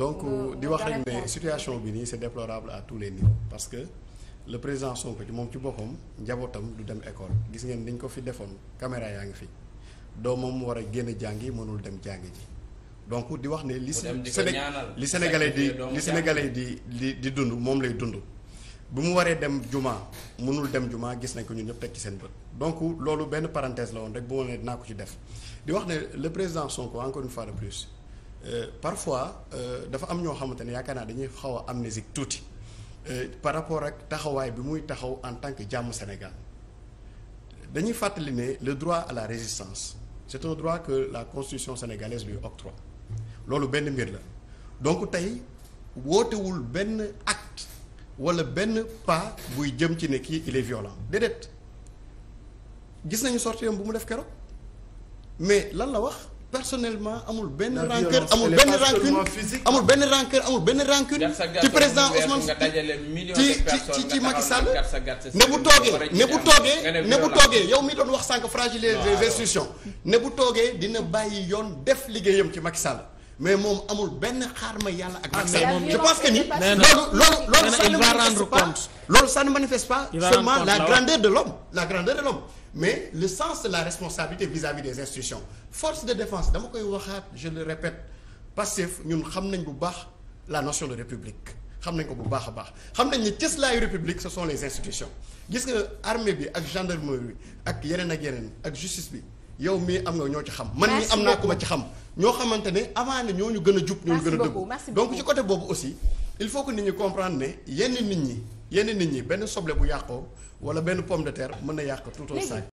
donc euh, di wax rek ne situation bi nii c'est déplorable à tous les niveaux parce que le président Sonko ci moom ci boppam njabootam du dem école gis ngeen ni ñu ko fi defoon caméra yaa ngi fi doomam war a génn jàngi mënul dem jàngi ji donc di wax ne li li Sénégalais di li Sénégalais di di di dund moom lay dund bu mu waree dem juma mënul dem jumaa gis nañ ko ñu ñëpp teg ci seen bët donc loolu benn parenthèse la woon rek bu ma ne naa ko ci def di wax ne le président Sonko encore une fois Euh, parfois euh, dafa am ñoo xamante ne yaakaar naa dañuy xaw a amnésique tuuti euh, par rapport ak taxawaay bi muy taxaw en tant que jàmm Sénégal dañuy fàttali ne le droit à la résistance c'est un droit que la constitution sénégalaise lui octroie loolu benn mbir la donc tey wootewul benn acte wala benn pas buy jëm ci ne kii il est violent déedéet gis nañu sorti bu mu def keroog mais lan la wax personnellement amul benn rancœur amul benn rancune amul benn rancœur amul benn rancune ci président Ousmane ci ci ci Macky Sall ne bu toogee ne bu toogee ne bu toogee yow mi doon wax sànq fragiliser les ne bu toogee dina bàyyi yoon def liggéeyam ci Macky Sall mais moom amul benn xaar ma yàlla ak Macky ah, Sall je pense que ni loolu loolu loolu ça ne me rend pas loolu ça ne manifeste pas seulement la grandeur de l'homme la grandeur de l'homme mais le sens de la responsabilité vis-à-vis des institutions force de défense dama koy waxaat je le répète Pastef ñun xam nañ bu baax la notion de république xam nañ ko bu baax a baax xam nañ ni cëslaayu république ce sont les institutions gis nga armée bi ak gendarmerie bi ak yeneen ak yeneen ak justice bi yow mii am nga ñoo ci xam man mii am naa ku ma ci xam ñoo xamante ne avant ne ñoo ñu gën a jub ñoo ñu gën a dëgg donc ci côté boobu aussi il faut que nit ñi comprendre yenn nit ñi yenn nit ñi benn soble bu yàqoo wala benn pomme de terre mën na yàq tout un sac